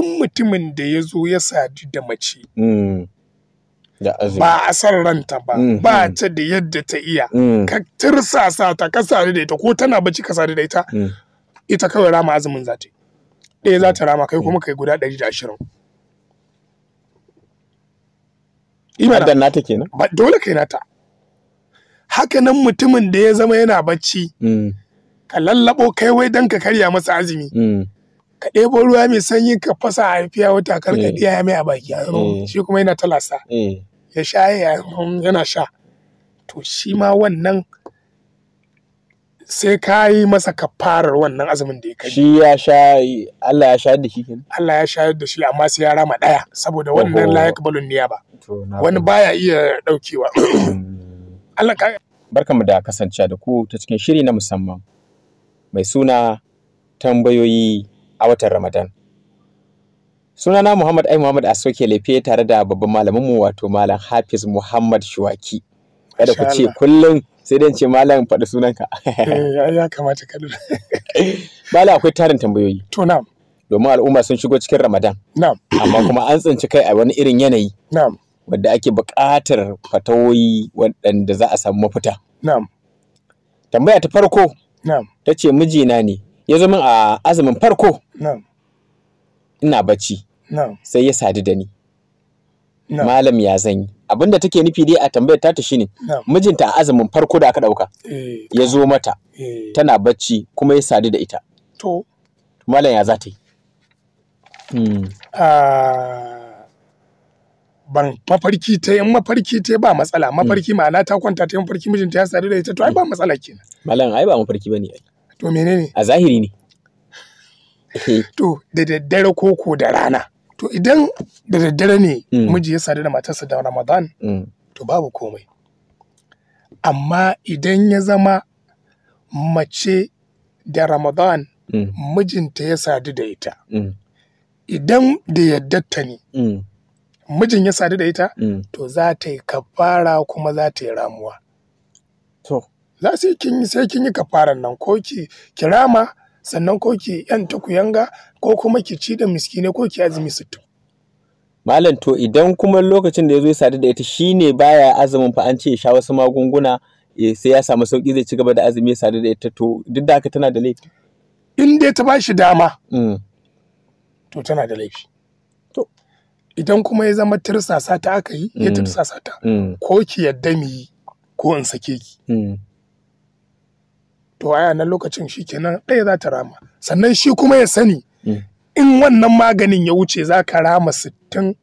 duk mutumin da ya zo ya sadu da mace mm. ba a san ranta ba mm-hmm. ba ta da yadda ta iya mm. ka tirsasa ta ka sadu da ita ko tana bacci ka sadu da ita mm. ita kawai rama azumin za ta yi ɗaya za ta rama kai kuma kai guda ɗari da ashirin Imana. Haddan nata kenan? Ba dole kai nata. Haka nan mutumin da ya zama yana bacci, ka lallabo kai wai don ka karya masa azumi. ka ɗebo ruwa mai sanyi ka fasa a haifiya wata kar ka diya mm. ya mai a baki mm. shi kuma yana talasa mm. ya sha yana sha to shi ma wannan sai ka yi masa kafarar wannan azumin da ya kai shi ya sha Allah ya sha da shi Allah ya sha da shi amma sai ya rama daya saboda wannan la yakbalun ba. wani baya iya daukewa Allah ka barkamu da kasancewa da ku ta cikin shiri na musamman mai suna tambayoyi a watan Ramadan. Sunana Muhammad Ai Muhammad a soke laifiye tare da babban malaminmu wato Malam Hafiz Muhammad Shuwaki. Kada ku ce kullum sai dai ce malam faɗi sunanka. Eh, ya kamata ka lura. Malam akwai tarin tambayoyi. To na'am. Domin al'umma sun shigo cikin Ramadan. Na'am. Amma kuma an tsinci kai a wani irin yanayi. Na'am. Wadda ake buƙatar fatawoyi waɗanda za a samu mafita. Na'am. Tambaya ta farko. Na'am. Ta ce mijina ne ya zama a azumin farko ina bacci sai ya sadu da ni malam ya zan yi abinda take nufi dai a tambayar tata shine mijinta a azumin farko da aka dauka eh. ya zo mata eh. tana bacci kuma ya sadu da ita to malam ya za ta yi hmm. ah, ban mafarki ta yin mafarki ta ba matsala mafarki ma'ana ta kwanta ta yin mafarki mijinta ya sadu da ita to ai ba matsala kenan malam ai ba mafarki bane ai To menene? A zahiri ne. To da daddare ko ko da rana. To idan da daddare ne mm. miji ya sadu da matarsa da Ramadan, mm. to babu komai. Amma idan ya zama mace da Ramadan mm. mijinta ya sadu da ita. Idan da yaddarta ne, mijin ya sadu da ita, to za ta yi kafara kuma za ta yi ramuwa. To. za su yi sai kin yi kafaran nan ko ki kirama sannan ko ki yan kuyanga ko kuma ki ci da miskine ko ki azumi sittin. Malam to idan kuma lokacin da ya zo ya sadu da ita shi ne baya azumin fa an ce ya sha wasu magunguna sai ya samu sauki zai ci gaba da azumi ya sadu da ita to duk da haka tana da laifi. In dai ta bashi dama. Mm. To tana da laifi. To idan kuma ya zama tirsasa ta aka yi ya mm. tirsasa ta mm. ko ki yadda mu yi ko in sake ki. to a yanar lokacin shi kenan ɗaya za ta rama sannan shi kuma ya sani in wannan maganin ya wuce za ka rama sittin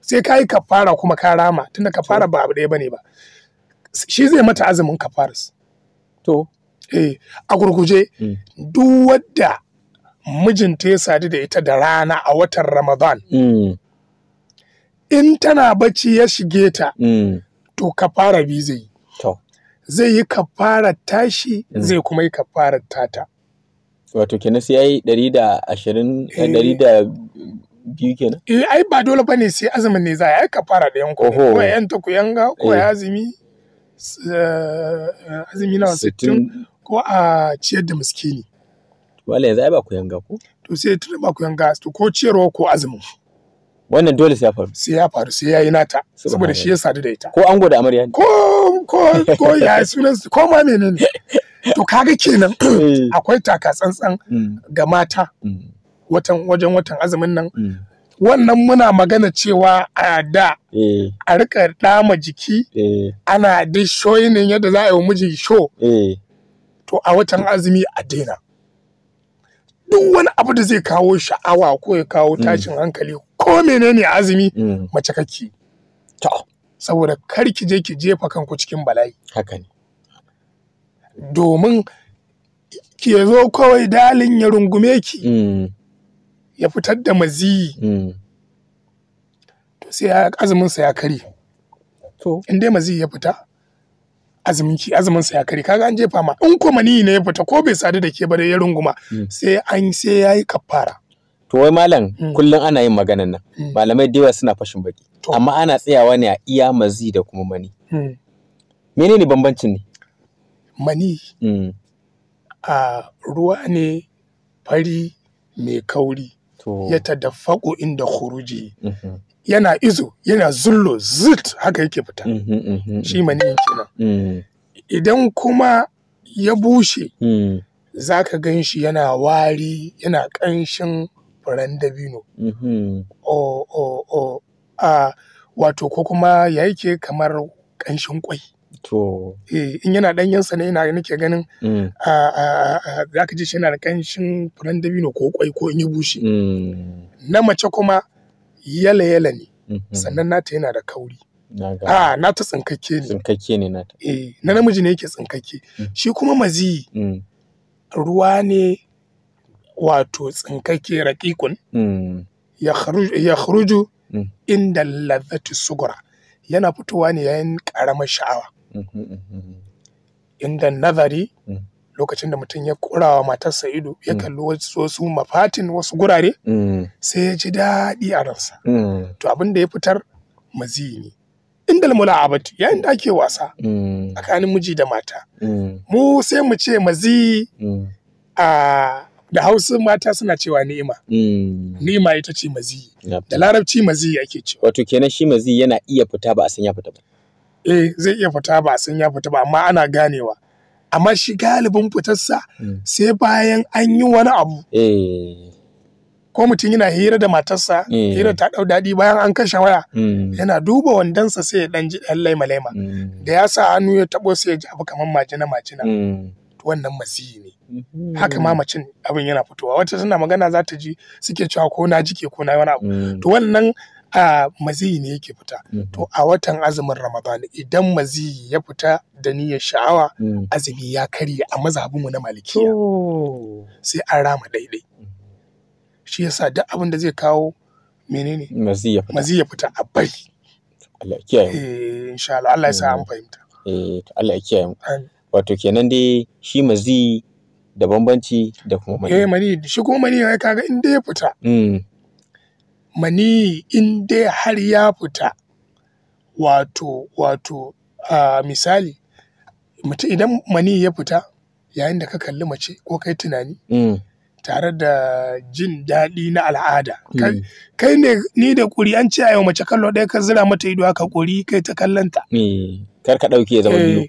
sai ka yi kafara kuma ka rama tunda kafara ba abu ɗaya ba ne ba shi zai mata azumin kafaras to eh a gurguje mm. duk wadda mijinta ya sadu da ita da rana a watan ramadan mm. in tana bacci ya shige ta mm. to kafara biyu zai yi zai yi kafarar tashi mm. zai kuma yi kafarar tata wato kenan sai ya yi ɗari da ashirin eh. ɗari da biyu kenan eh ai ba dole ba ne sai azumin ne za a yi kafara da yanko ko yan ta ku yanga ko ya eh. azumi eh, azumi nawa sittin ko a ciyar da miskini Wale yanzu ai ba ku yanga ko to sai tun ba ku yanga to ko ciyarwa ko azumin wannan dole sai ya faru sai ya faru sai ya yi nata saboda shi ya sadu da ita ko ango da amarya ko ko ko ya sunan ko ma menene to kaga kenan eh. akwai taka tsantsan mm. ga mata mm. watan wajen watan azumin nan mm. wannan muna magana cewa a da eh. a rika dama jiki eh. ana da shoyinin yadda za a yi miji sho to a watan azumi a daina duk wani abu da zai kawo sha'awa ko ya kawo tashin hankali ko menene azumi mm. mace kake to saboda kar ki je ki jefa kanku cikin bala'i haka ne domin ki zo kawai dalin ya rungume ki mm. ya fitar da maziyi mm. to sai azumin sa ya kare to in dai maziyi ya fita azumin ki azumin sa ya kare kaga an jefa ma in kuma ni ne ya fita ko bai sadu da ke ba da ya runguma sai an sai yayi kafara to wai malam mm. kullum ana yin maganan nan mm. malamai da yawa suna fashin baki amma ana tsayawa ne a iya mazi da kuma mani mm. menene bambancin ne mani a ruwa ne fari mai kauri ya tadaffaku inda khuruji mm-hmm. yana izo yana zullo zut haka yake fita mm-hmm, mm-hmm, shi maniyin kenan idan kuma ya bushe za ka gan shi yana wari yana ƙanshin furen dabino mm-hmm. a wato ko kuma ya yake kamar ƙanshin kwai To. Eh, in yana ɗanyensa ne ina nake ganin mm. za ka ji shi yana da ƙanshin furen dabino ko kwai ko in yi bushe. Mm. Na mace kuma yala yala ne mm-hmm. sannan nata yana da kauri. Na nata tsinkake ne. Tsinkake ne nata. Eh, na namiji ne yake tsinkake. Mm. Shi kuma maziyi ruwa ne wato tsinkake raƙiƙun mm. ya kharuju mm. inda lazzati sugura yana fitowa ne yayin ƙaramar sha'awa mm-hmm, mm-hmm, mm-hmm. inda nazari mm. lokacin da mutum ya kurawa matarsa ido ya kalli wasu mafatin wasu gurare sai ya ji daɗi a ransa to abin da ya fitar maziyi ne inda mula'abati yayin da ake wasa tsakanin miji da mata mu sai mu ce maziyi a da hausa mata suna cewa ni'ima mm. ni'ima ita ce mazi da larabci mazi ake cewa wato kenan shi mazi yana iya fita ba a san ya fita ba eh zai iya fita ba a san ya fita ba amma ana ganewa amma shi galibin fitarsa mm. sai bayan an yi wani abu eh. ko mutum yana hira da matarsa eh. hira ta dau daɗi bayan an kashe waya mm. yana duba wandonsa sai ya ɗan ji laima laima da ya sa hannu ya tabo sai ya ji abu kamar majina majina wannan masiyi ne haka ma hmm. macin abin yana fitowa wata suna magana za ta ji suke cewa ko na jike ko na wani abu hmm. to wannan a maziyi ne yake fita hmm. to a watan azumin ramadan idan maziyi ya fita da niyyar sha'awa azumi ya karye a mu na malikiya sai an rama daidai shi yasa duk abin da zai kawo menene maziyi ya fita a bari Allah kiyaye eh insha Allah Allah ya sa an fahimta eh Allah ya kiyaye wato kenan dai shi maziyi da bambanci da kuma mani. Eh mani shi kuma mani ya kaga in dai ya fita. Mm. Mani in dai har ya fita wato wato a misali mutum idan mani ya fita yayin da ka kalli mace ko kai tunani. Mm. Tare da jin daɗi na al'ada. Mm. Kai ne ni da ƙuri an ce a yau mace kallo ɗaya ka zira mata ido aka ƙuri kai ta kallanta. Eh, kar ka ɗauke zama eh, biyu.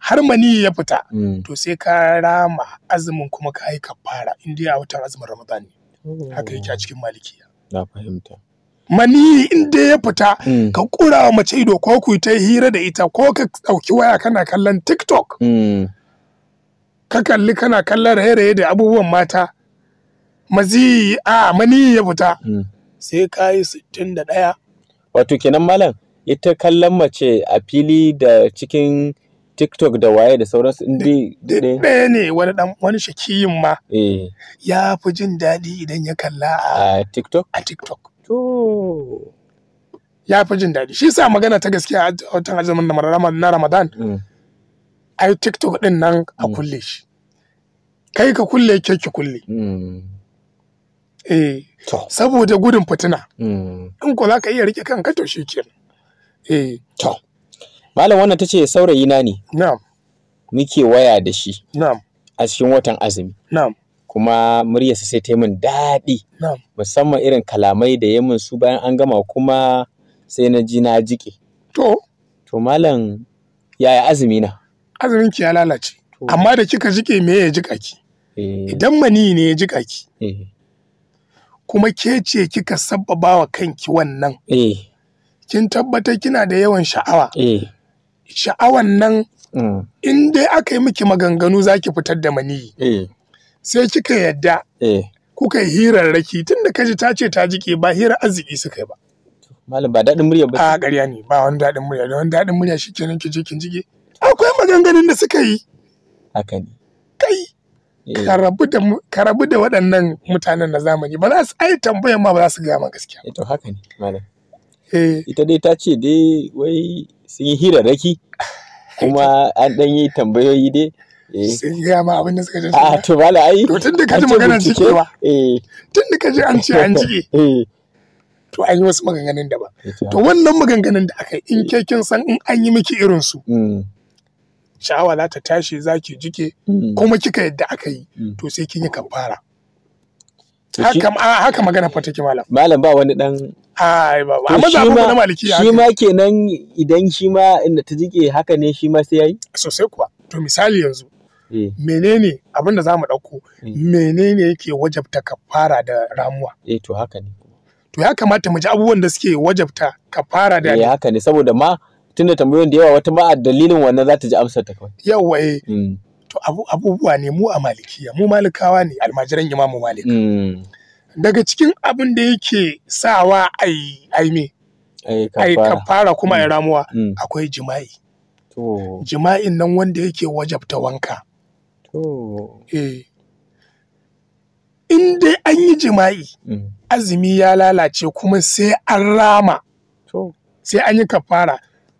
har mani ya fita mm. to sai ka rama azumin kuma ka yi kafara in dai a watan azumin ramadani, ne oh. haka yake a cikin malikiya na fahimta mani in dai ya fita mm. ka kura wa mace ido ko ku ta hira da ita ko ka dauki waya kana kallon TikTok mm. ka kalli kana kallon raye-raye da abubuwan mata mazi a mani ya fita sai ka yi sittin da ɗaya. Wato kenan malam ita kallon mace a fili da cikin tiktok da waye da sauransu in dai ɗaya ne wani dan wani shakiyin ma eh. ya fi jin daɗi idan ya kalla a tiktok a tiktok to ya fi jin daɗi shi sa magana ta gaskiya a watan azumin na ramadan mm. ai tiktok ɗin nan a mm. kulle shi kai ka kulle ke ki kulle mm. eh saboda gudun fitina in ko za ka iya rike kanka to shi kenan eh to malam wannan tace saurayi na ne na'am muke waya da shi na'am a cikin watan azumi na'am kuma muryarsa sai ta yi min daɗi musamman irin kalamai da ya min su bayan an gama kuma sai na ji na jike to to malam yaya azumi na azumin ki ya lalace amma da kika jike me ya jika ki eh. idan mani ne ya jika ki eh. kuma ke ce kika sabbaba wa kanki wannan eh. kin tabbatar kina da yawan sha'awa sha'awan nan mm. in dai aka yi miki maganganu za ki fitar da maniyi eh. sai kika yadda eh. kuka yi hirarraki tun da kaji ta ce ta jike ba hira arziki suka yi ba malam ba daɗin murya ba a ƙarya ne ba wani daɗin murya da wani daɗin murya shi kenan ki je kin jige akwai maganganun da suka yi haka ne kai eh. ka rabu da waɗannan mutanen na zamani ba za su ai tambayar ma ba za su gaya ma gaskiya to haka ne malam ita dai ta ce dai wai sun yi hirarraki kuma an dan yi tambayoyi dai eh. sun gaya ma abin da suka jinsu a ah, to bala ai to tun da kaji ji magana cikewa eh. tun da kaji an ce an cike eh. to an yi wasu maganganun da ba to wannan maganganun da aka in ke kin san in an yi miki irin su mm. sha'awa za ta tashi za ki jike mm. kuma kika yadda aka yi mm. to sai kin yi kafara haka haka magana fa take malam malam ba wani dan ai ba amma za mu na malikiya shi ma kenan idan shi ma inda ta jike haka ne shi ma sai yayi sosai kuwa to misali yanzu eh. menene abin da zamu dauko eh. menene yake wajabta kafara da ramuwa eh to haka ne to ya kamata mu ji abubuwan da suke wajabta kafara da eh haka ne saboda ma tunda tambayoyin da yawa wata ma a dalilin wannan za ta ji amsar ta kawai yawa eh mm. to abubuwa ne mu a malikiya mu malikawa ne almajiran imamu malik mm. daga cikin abin da yake sawa ai ai me ai kafara kuma ai mm. ramuwa mm. akwai jima'i jima'in nan wanda yake wajabta wanka eh in dai an yi jima'i azumi ya lalace kuma sai an rama sai an yi kafara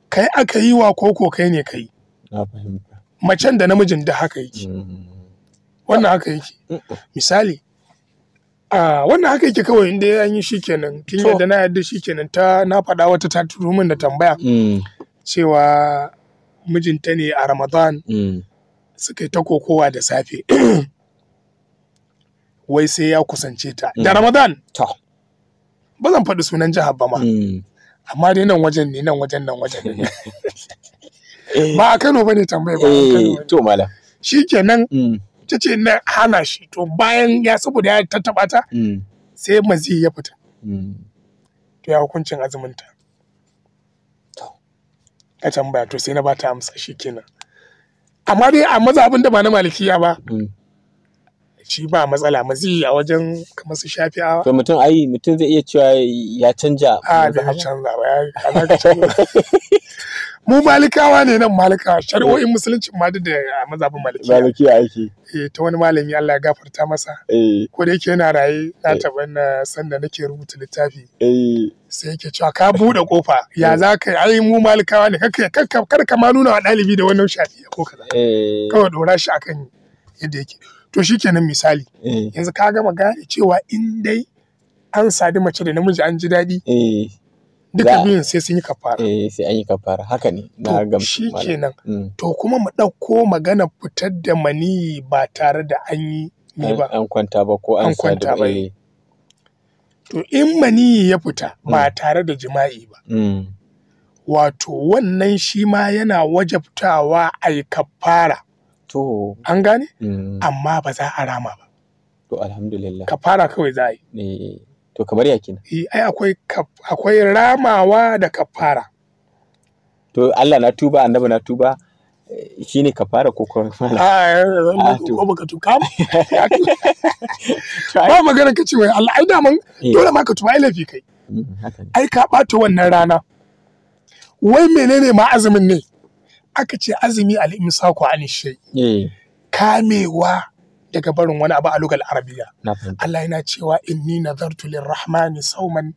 kai aka yi wa koko kai ne kai macen da namijin da haka yake mm-hmm. wannan haka yake mm-hmm. misali a wannan haka yake kawai inda an yi shikenan kin yadda na yadda shikenan ta na faɗa wata ta turo min da tambaya mm. cewa mijinta ne a ramadan mm. suka yi ta kokowa da safe wai sai ya kusance ta da mm. ramadan ba zan faɗi sunan jihar ba ma amma dai nan wajen ne nan wajen nan wajen ne Eh. ba a Kano bane tambaya ba eh, to malam shikenan mm. ta ce na hana shi to bayan ya saboda ya tattaba ta mm. sai mazi ya fita mm. to ya hukuncin azuminta ta ka tambaya to sai na ba ta amsa shikenan amma dai a maza abinda da ba na malikiya ba shi ba matsala mazi a wajen kamar su shafi awa. To mutum ai mutum zai iya cewa ya canja. A da ya canza ba ya canza. Mu malikawa ne nan malikawa shari'o'in musuluncin ma da mazabin malikiya. Malikiya ake. Eh ta wani malami Allah ya gafarta masa. Eh. Ko da yake yana raye na eh. taɓa na da nake rubuta littafi. Eh. Sai yake cewa ka buɗe kofa ya eh. za ka ai mu malikawa ne kar ka ma nuna wa ɗalibi da wannan shafi ko kaza. Eh. Kawai ɗora shi akan yadda yake. to shikenan misali eh. yanzu ka gama gane cewa in dai an sadi mace da namiji an ji daɗi eh. duka biyun sai sun yi kafara eh sai an yi kafara haka ne na gamsu shikenan mm. to kuma mu dauko magana fitar da mani ba tare da an yi ne ba an kwanta ba ko an kwanta ba eh. to in mani ya fita mm. ba tare da jima'i ba mm. wato wannan shi ma yana wajabtawa a yi kafara To. An gane? Mm. Amma ba za a rama ba. To alhamdulillah. fara kawai za a yi. Eh, to kamar ya kina. Eh, ai akwai akwai ramawa da kafara. To Allah na tuba annabi na tuba eh, shi ne kafara ko kuma a ah, ah, ko baka tuka ba magana ka ce wai Allah ai daman dole ma ka tuba ai laifi kai mm, ai ka ɓata wannan rana wai menene ma azumin ne aka ce azumi al sako an shi eh. kamewa daga barin wani abu a lugal arabiya Allah yana cewa inni nazartu lirrahmani sauman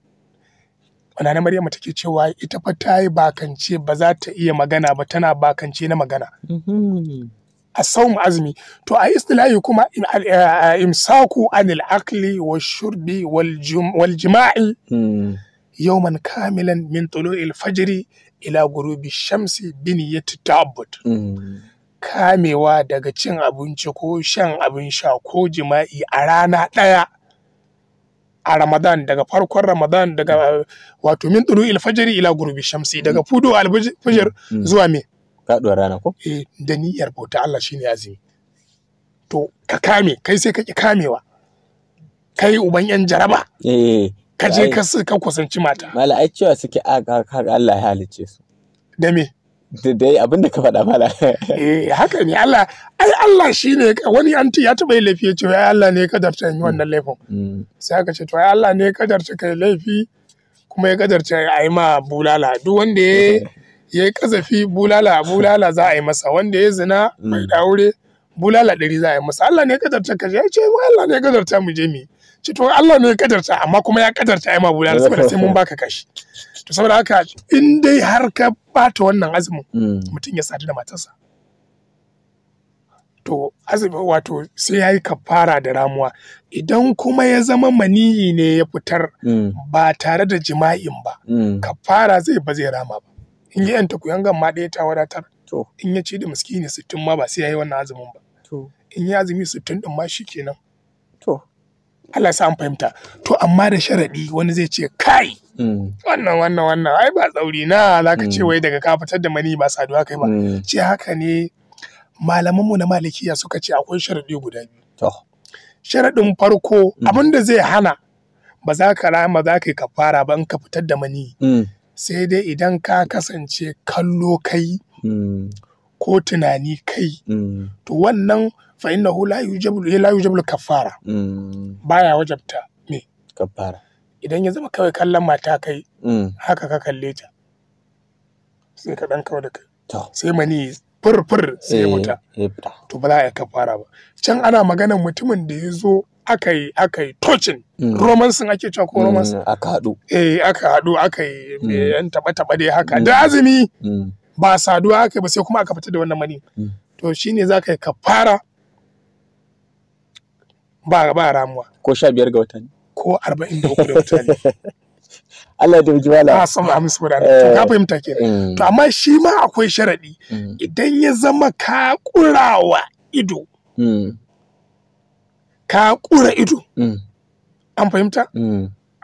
wannan na Maryam take cewa ita fa ta yi bakance ba za ta iya magana ba tana bakance na magana mm-hmm. a saum azumi to a istilahi kuma eh, eh, imsaku anil akli wa shurbi wal jima'i hmm. yawman kamilan min tulu'il fajri ila gurubi shamsi biniyati tabbat kamewa daga cin abinci ko shan abin sha ko jima'i a rana ɗaya a ramadan daga farkon ramadan daga wato min tsuru ilfajari ila gurubi shamsi daga mm. fudu alfajir mm. zuwa me faduwar rana ko eh da niyyar bauta Allah shine azumi to ka kame kai sai ka ki kamewa kai uban yan jaraba eh ka je ka ka kusanci mata mala ai cewa suke a Allah ya halice su da me da dai abinda ka faɗa mala eh haka ne Allah ai Allah shine wani anti ya taba laifi ya ce ai Allah ne ya kadarta yi wannan mm. laifin mm. sai aka ce to ai Allah ne ya kadarta kai laifi kuma ya kadarta a yi ma bulala duk wanda ya ya yi kazafi bulala bulala za a yi masa wanda ya zina mai mm. daure bulala ɗari za a yi masa Allah ne ya kadarta ka je ya ce Allah ne ya kadarta mu je mu ce to Allah ne ya kadarta amma kuma ya kadarta ai mabuda saboda sai mun baka kashi to saboda haka in dai har ka bata wannan azumin hmm. mutum ya sadu da matarsa to azumi wato sai yayi kafara da ramuwa idan kuma ya zama maniyi ne ya fitar hmm. ba tare da jima'in ba hmm. kafara zai ba zai rama ba in yi yanta kuyangan ma ɗaya ta wadatar in ya ci da miskini sittin ma ba sai ya yi wannan azumin ba in yi azumi sittin ɗin ma shi kenan Allah sa an fahimta to amma da sharaɗi wani zai ce kai mm. wannan wannan wannan ai ba tsauri na zaka ce mm. wai daga ka fitar da mani ba saduwa kai ba mm. ce haka ne malaman mu na malikiya suka ce akwai sharaɗi guda biyu sharaɗin farko abin da zai hana ba za ka rama za ka yi kafara ba in ka fitar da mani sai dai idan ka kasance kallo kai ko tunani kai to wannan fa innahu la yujabu eh, la yujabu kaffara mm. ya wajabta me kaffara idan ya zama kawai kallon mata kai mm. haka ka kalle ta sai ka dan kawai da kai sai mani furfur sai wuta eh, to ba za a yi kafara ba can ana maganar mutumin da ya zo aka yi aka yi tocin mm. romansin ake cewa ko romansin aka haɗu eh aka haɗu aka yi eh, yan taba taba dai haka da azumi ba saduwa aka yi ba sai kuma aka fita da wannan mani to shine za ka yi kafara ba ba ramuwa ko sha biyar ga watanni. ko arba'in da uku watanni. Allah ya dauki wala a sama amis to ka fahimta ke mm. to amma shi ma akwai sharadi mm. idan ya zama ka kurawa ido mm. ka kura ido an fahimta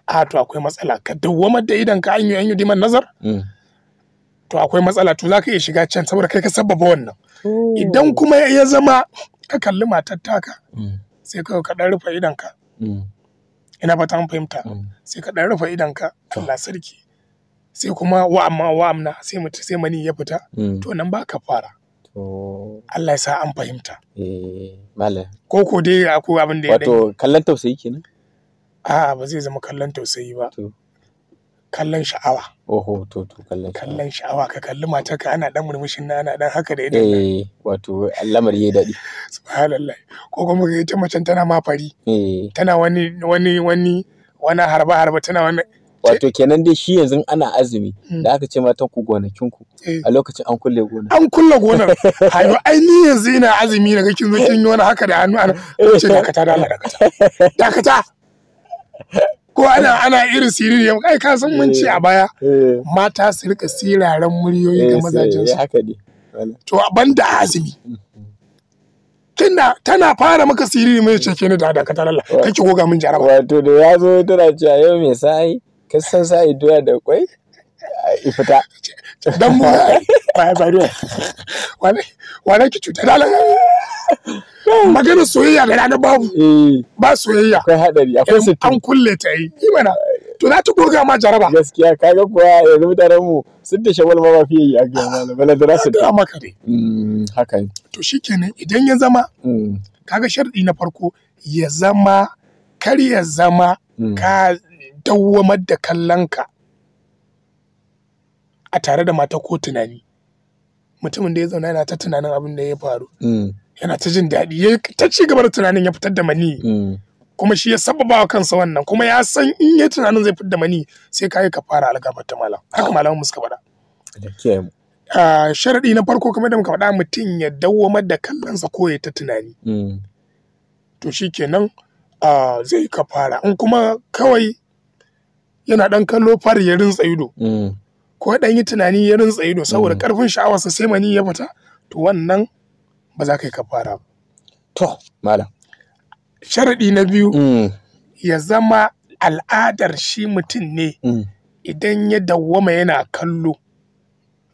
a to akwai matsala ka dawwama da idan ka anyo anyo diman nazar to akwai matsala to za ka iya shiga can saboda kai ka sababa wannan oh. idan kuma ya zama ka kalli matar taka Mm. Mm. sai ka ɗan rufe idonka. Ina ba an fahimta sai ka ɗan rufe idonka Allah sarki. Sai kuma wa amma wa amna sai mutu sai mani ya fita mm. to nan ba ka fara. Allah ya sa an fahimta. Eh, ko ko dai akwai abin da ya Wato kallon tausayi kenan? A'a ba zai zama kallon tausayi ba. kallon sha'awa. Oho, to to kallon sha'awa. Kallon sha'awa ka kalli matarka ana ɗan murmushin na ana ɗan haka da idan. Eh, wato lamar yi daɗi. Subhanallah. Ko kuma ga ita macen tana ma fari. Eh. Tana wani wani wani wani harba harba tana wani Wato kenan dai shi yanzu ana azumi hmm. da aka ce matan ku gonakinku. Eh. a lokacin an kulle gonar. An kulle gonar. Hayo ai ni yanzu ina azumi daga kin zo kin yi wani haka da hannu ana ce dakata dakata. Dakata. ko ana ana irin siriri kai ka san mun ci eh, a baya eh. mata su rika siraran muryoyi ga eh, mazajen su haka ne to banda azumi tunda tana fara maka siriri mai ce ni da dakata lalla kake goga mun jaraba wato da ya zo tana cewa yau me sai ka san sai doya da kwai fita dan mu ba ba ruwa wani wani ki cuta da magana soyayya da rana babu eh. ba soyayya akwai hadari akwai sittin an kulle ta yi imana to na ta goga ma jaraba gaskiya kaga kuwa yanzu mutanen mu sun da shawal ma ba fiye yi a gaba bala da rasu da maka dai mm, haka ne to shikenan idan ya zama mm. kaga sharɗi na farko ya zama kar ya zama mm. ka dawwamar da kallonka a tare da mata ko tunani mutumin da ya zauna yana ta tunanin abin da ya faru yana ta jin daɗi ya ta ci gaba da tunanin ya fitar da mani mm. kuma shi ya sababa wa kansa wannan kuma ya san in ya tunanin zai fitar da mani sai ka yi ka fara algabar ta malam haka malamin suka faɗa sharaɗi na farko kamar da muka faɗa mutum ya dawwamar da kallonsa ko ya ta tunani mm. to shi kenan zai ka fara in kuma kawai yana ɗan kallo fari ya rinsa ido mm. ko ɗan yi tunani ya rinsa ido saboda ƙarfin sha'awarsa sai mani ya fita to wannan ba za ka yi kafara ba to malam Sharaɗi na biyu mm. ya zama al'adar shi mutum ne mm. idan ya dawwama yana kallo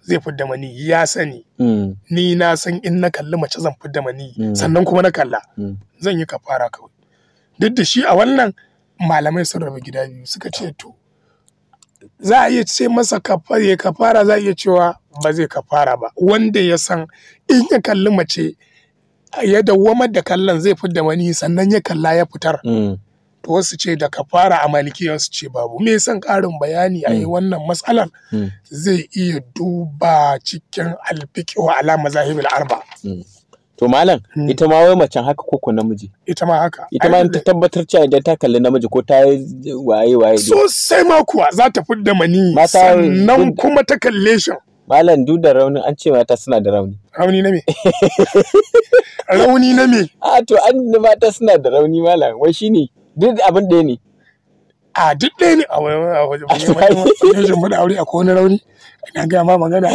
zai fidda mani ya sani mm. ni na san in na kalli mace zan fidda mani sannan kuma na kalla zan yi kafara kawai duk da shi a wannan malamai sun rabu gida biyu suka ce to za a iya ce masa kafara za a iya cewa ba zai kafara ba wanda ya san in ya kalli mace ya dawwamar da kallon zai fidda mani sannan ya kalla ya fitar mm. to wasu ce da fara a maliki wasu ce babu me son karin bayani a yi mm. wannan matsalar mm. zai iya duba cikin alfiki wa alama zahibul arba to malam ita ma wai macen haka ko namiji ita ma haka ita ma ta tabbatar cewa idan ta kalli namiji ko ta yi waye waye sosai ma kuwa za ta fidda mani sannan kuma ta kalle shi Malam duk da rauni an ce mata suna da rauni. Rauni na me? rauni na me? A to an mata suna da rauni malam wai shine duk abin ɗaya ne. a duk ɗaya ne a wajen mada aure a wani rauni ina gaya ma magana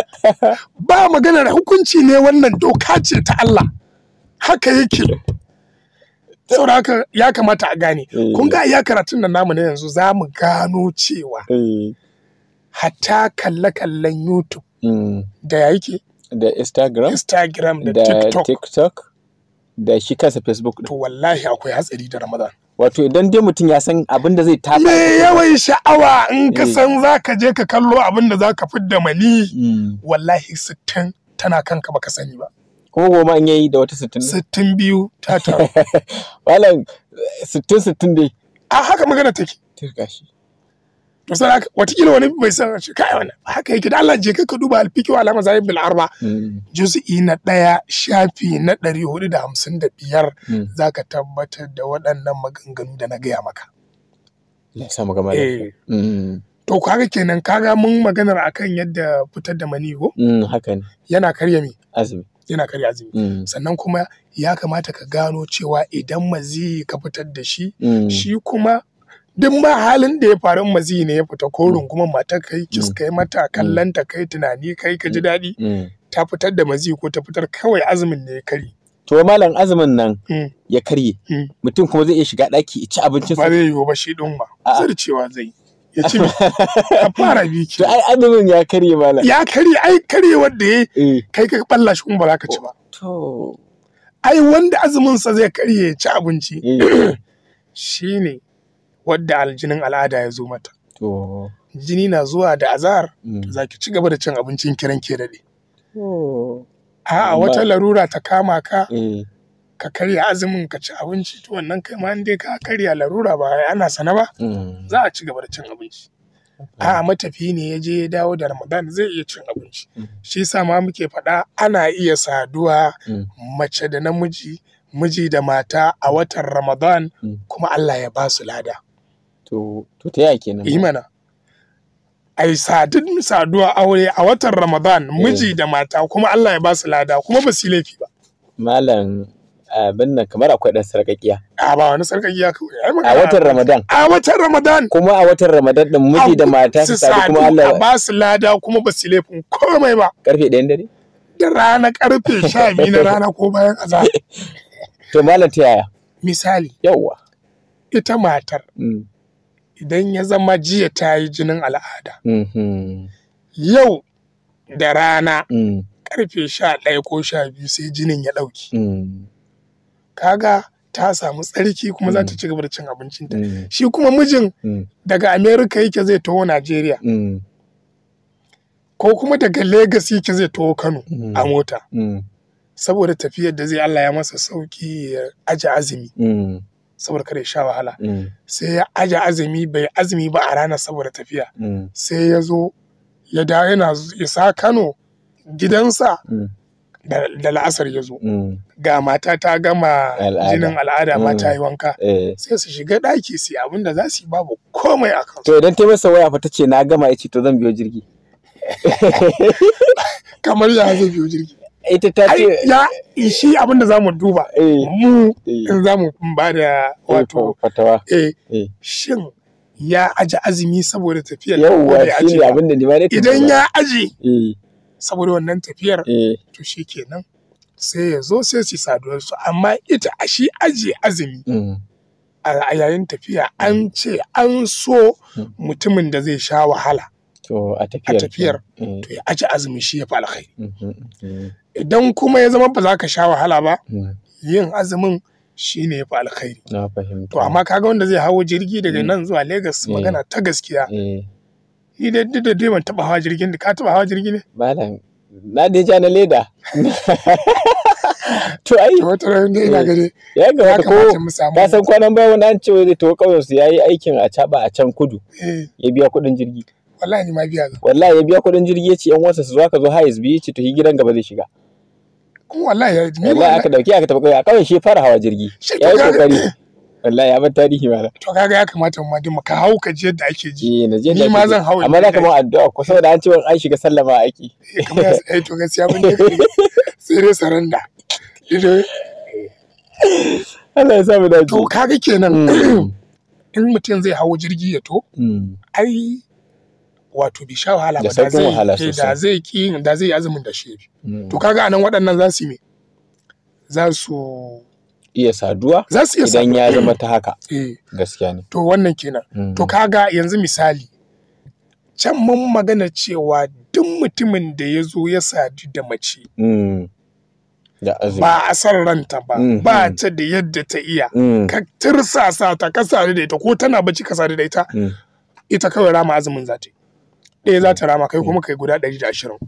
ba magana da hukunci ne wannan doka ce ta Allah haka yake saboda haka ya kamata a gane kun ga iya karatun da namu na yanzu za mu gano cewa hatta kalle-kallen YouTube Mm. da ya yake da instagram instagram da, tiktok da shi kansa facebook to wallahi akwai hatsari da ramadan wato idan dai mutum ya san abin da zai taka me yawan sha'awa in ka eh. san za ka je ka kallo abin da za ka fidda mani mm. wallahi sittin tana kanka baka sani ba kuma goma in yayi da wata sittin sittin biyu ta taru malam sittin sittin dai a haka magana take to sai watakila wani bai san shi kai wannan haka yake da Allah je ka duba alfiki wa alama zahib bil arba mm. juz'i na daya shafi na ɗari 455 mm. zaka tabbatar da waɗannan maganganu da na gaya maka ya samu gama da to kaga kenan kaga mun maganar akan yadda fitar da mani ko mm, haka ne yana karya me azumi yana karya azumi sannan kuma ya kamata ka gano cewa idan mazi ka fitar da shi shi kuma duk ba halin da ya faru mazi ne ya fita ko kuma mm. mata kai kis mm. kai mata mm. kallon ta kai tunani kai ka ji daɗi ta fitar da mazi ko ta fitar kawai azumin ne ya karye. to malam azumin nan ya karye mutum kuma zai iya shiga ɗaki ya ci abincin ba zai yiwu ba shi ɗin ba zarcewa zai ya ci ka fara bi to ai azumin ya karye malam ya karye ai karye wanda ya eh. kai ka balla shi kuma ba za ka ci ba to ai wanda azumin sa zai karye ya ci abinci eh. shine wadda aljinin al'ada ya zo mata. Oh. Jini na zuwa da azar mm. za ki ci gaba da cin abincin kiran ke daɗe. Oh. a wata larura ta kama ka eh. ka karya azumin ka ci abinci to wannan kai ma dai ka karya larura ba ana sana ba mm. za a ci gaba da cin abinci. A'a mm. matafi ne ya je ya dawo da Ramadan zai iya cin abinci. Shi sa ma muke faɗa ana iya saduwa mace da namiji miji da mata a watan Ramadan kuma Allah ya ba su lada. to ta yaya kenan imana ai sadin saduwa aure a watan Ramadan eh. miji da mata kuma Allah ya ba su lada kuma ba su laifi ba malam abin nan kamar akwai dan sarkakiya a ba wani sarkakiya kawai a watan Ramadan a watan Ramadan kuma a watan Ramadan din miji da mata su sadu kuma Allah ya ba su lada kuma ba su laifin komai ba karfe 1 dare da rana karfe 12 na rana ko bayan azhar to malam ta yaya misali yawwa ita matar mm. idan ya zama jiya ta yi jinin al'ada mm-hmm. yau da rana mm. karfe sha ɗaya ko sha biyu sai jinin ya ɗauki mm. kaga ta samu tsarki kuma za ta mm. ci gaba da cin abincinta shi kuma mijin daga Amerika yake zai taho najeriya ko kuma daga Legas yake zai taho Kano a mota. Saboda tafiyar da zai Allah ya masa sauki ya aji azumi. saboda kare ya sha wahala mm. sai ya aje azumi bai azumi ba a ranar saboda tafiya mm. sai ya zo ya dawo yana isa Kano gidansa mm. da la'asar ya zo ga mata ta gama jinin al'ada mata yi wanka eh. sai su shiga ɗaki su abin da za su yi babu komai a kan to idan ta masa waya fa ta ce na gama ya ce to zan biyo jirgi kamar ya zai biyo jirgi ita ta ce ya shi abinda za mu duba eh. mu eh. za mu ba wato fatawa eh. shin ya aji azumi saboda tafiyar da ya ne abinda ne ma ne idan ya aji saboda wannan tafiyar to shi kenan sai ya zo sai su saduwar su amma ita a shi aji azumi mm. a yayin tafiya an mm. ce an so mm. mutumin da zai sha wahala a tafiyar. Eh. To ya aji azumi shi ya fi alkhairi. Mm-hmm, mm-hmm. Idan kuma ya zama ba za ka sha wahala ba, mm. yin azumin shi ne ya fi alkhairi. To amma kaga wanda zai hawo jirgi daga mm. nan zuwa Legas mm. magana ta gaskiya. Eh. Ni dai duk da dai ban taɓa hawa jirgin ka taɓa hawa jirgi ne? Malam, na dai ja na leda. to ai wata ran dai ina gare ya ga ko ka san kwanan bayan wani an ce wai zai to kawai su yayi aikin a caba a can kudu eh. ya biya kuɗin jirgi wallahi ni ma biya zan wallahi ya biya kudin jirgi yace yan wasa su zo ka zo ha biyu yace to hi gidan gaba zai shiga kuma wallahi ya ni wallahi aka dauki aka tafi kai a kawai shi fara hawa jirgi ya yi kokari wallahi ya bar tarihi ma to kaga ya kamata mu dima ka hau ka je yadda ake ji ni eh, na ni ma zan hau amma za ka ma addu'a ko saboda an ce an shiga sallama aiki eh, eh to gaskiya mun je sai dai saranda Allah ya sa mu dace to kaga kenan mm. in mutum zai hawo jirgi ya to mm. ai wato bi sha wahala ba da zai da zai ki da zai azumin da shi mm. to kaga anan waɗannan za su me za su iya saduwa za su idan ya zama ta haka eh. gaskiya ne to wannan kenan mm. to kaga yanzu misali can mun magana cewa duk mutumin da ya zo ya sadu da mace mm. ba a san ranta ba mm-hmm. ba ta da yadda ta iya ka tirsasa ta ka sadu da ita ko tana bacci ka sadu da ita ita kawai rama azumin za ta yi ɗaya za ta rama kai kuma mm. kai guda ɗari da ashirin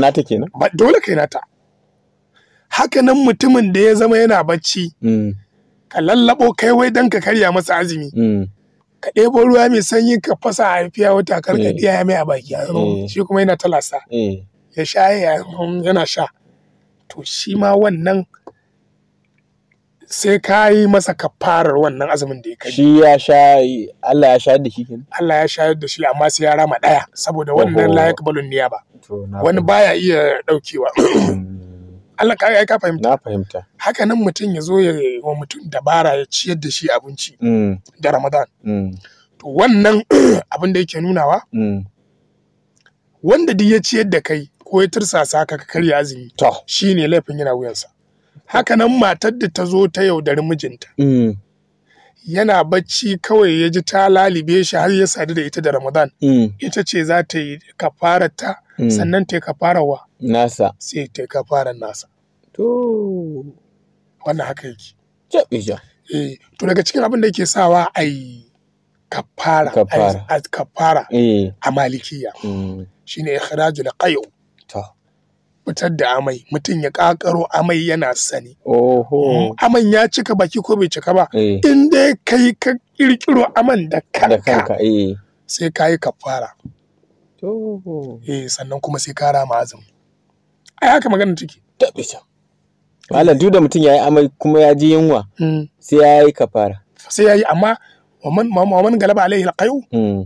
nata kenan ba dole kai nata haka nan mutumin da ya zama yana bacci mm. ka lallaɓo kai wai dan ka karya masa azumi mm. ka ɗebo ruwa mai sanyi ka fasa a haifiya wata kar ka ɗiya eh. ya mai a baki eh. shi kuma yana talasa eh. ya sha yana sha to shi ma wannan sai ka yi masa kafarar wannan azumin da ya kai shi ya sha Allah ya shayar da shi kin. Allah ya shayar da shi amma sai ya rama daya saboda wannan la yakbalun niya ba wani baya iya daukewa Allah ka ai ka fahimta na fahimta haka nan mutum ya zo ya wa mutum dabara ya ciyar da shi abinci mm. da Ramadan mm. to wannan abin da yake nunawa mm. wanda duk ya ciyar da kai ko ya tursasa ka karya azumi shine laifin yana wuyansa hakanan matar da ta zo ta yaudari mijinta mm. yana bacci kawai ya ji ta lalibe shi har ya sadu da ita da ramadan mm. ita ce za ta yi kafarar ta mm. sannan ta kafarar wa nasa sai ta yi kafarar nasa to wannan haka yake eh to daga cikin abin da yake sawa ai kafara kafara a eh. malikiya shine ikhrajul qayu fitar da amai mutum ya kakaro amai yana sani oho aman ya cika baki ko bai cika ba eh. in dai kai ka kirkiro aman da kanka eh. sai ka yi kafara eh sannan kuma sai ka rama azumi ai haka magana take tabbata Malam duk da mutum ya yi amai kuma ya ji yunwa hmm. sai ya yi kafara. Sai ya yi amma waman galaba alaihi alqayu hmm.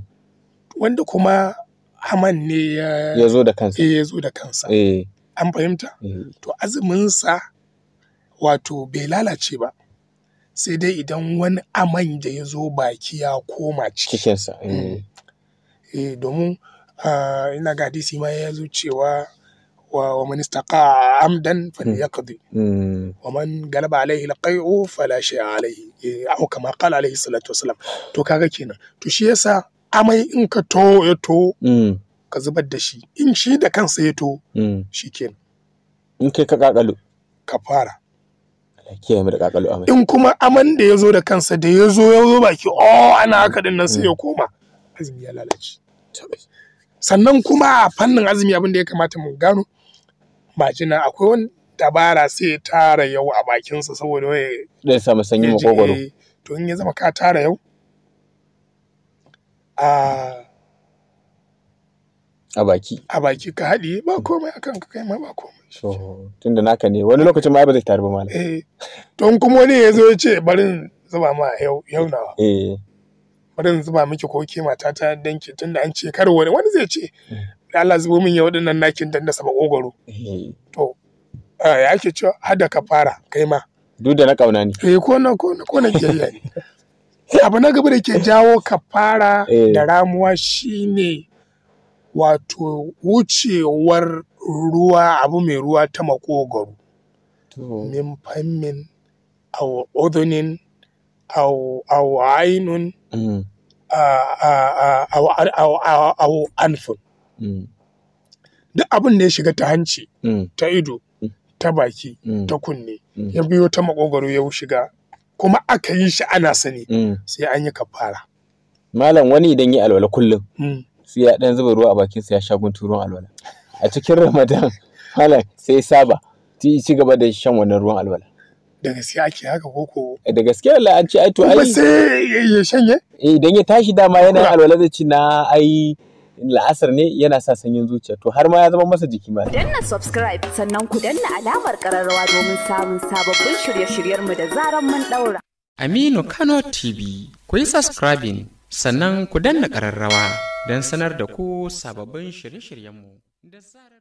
wanda kuma haman ne ya zo da kansa. Eh ya zo da kansa. Eh an fahimta mm-hmm. to azuminsa wato bai lalace ba sai dai idan wani aman da ya zo baki ya koma cikinsa mm. mm-hmm. eh domin ah, ina ga hadisi ma ya zo cewa wa minista ka amdan kadi mm-hmm. wa man galaba alaihi fa la shay alaihi eh, au kama qala alaihi salatu wasalam to kaga kenan to shi yasa amai in ka to ya to mm. ka zubar da shi in shi da kansa ya to hmm. shi in kai ka kakalo ka fara in kuma aman da ya zo da kansa da ya zo ya zo baki oh ana haka din nan sai ya hmm. koma azumi ya lalace sannan kuma a fannin azumi abin da ya kamata mu gano majina akwai wani dabara sai ya tara yau a bakinsa saboda wai zai samu sanyi makogwaro eh, to in ya zama ka tara yau a ah, a baki a baki ka haɗi ba komai a kanka kai ma ba komai so tunda naka ne wani lokacin ma ba zai tare ba ma eh to in kuma wani ya zo ya ce barin zuba ma yau yau nawa eh barin zuba miki ko ke mata ta danki tunda an ce kar wani wani zai ce hmm. Allah zubo min ya waɗannan nakin dan da saba kogoro eh. to eh, ya ke cewa hada ka fara kai ma duk da na kauna ne eh ko na ko na ko na ke ne abu na gaba da ke jawo ka fara eh. da ramuwa shine wato wucewar ruwa abu mai ruwa ta makogaru, min fammin aw udunin aw ainun duk abin da ya shiga ta hanci mm. ta ido mm. ta baki mm. ta kunne ya biyo ta makogaru ya shiga kuma aka yi shi ana sani sai an yi kafara malam wani idan yi alwala kullum sai ya dan zuba ruwa a bakin sa ya sha gunturon alwala a cikin ramadan malam sai saba ti ci gaba da shan wannan ruwan alwala da gaske ake haka koko eh, da gaske Allah an ce ai to ai sai ya shanye eh idan ya tashi dama yana alwala zai ci na ai la'asar ne yana sa sanyin zuciya to har ma ya zama masa jiki ma. Danna subscribe sannan ku danna alamar kararrawa domin samun sababbin shirye-shiryenmu da zaran mun daura. Aminu Kano TV ku yi subscribing sannan ku danna kararrawa. don sanar da ku sababbin shirye-shiryenmu.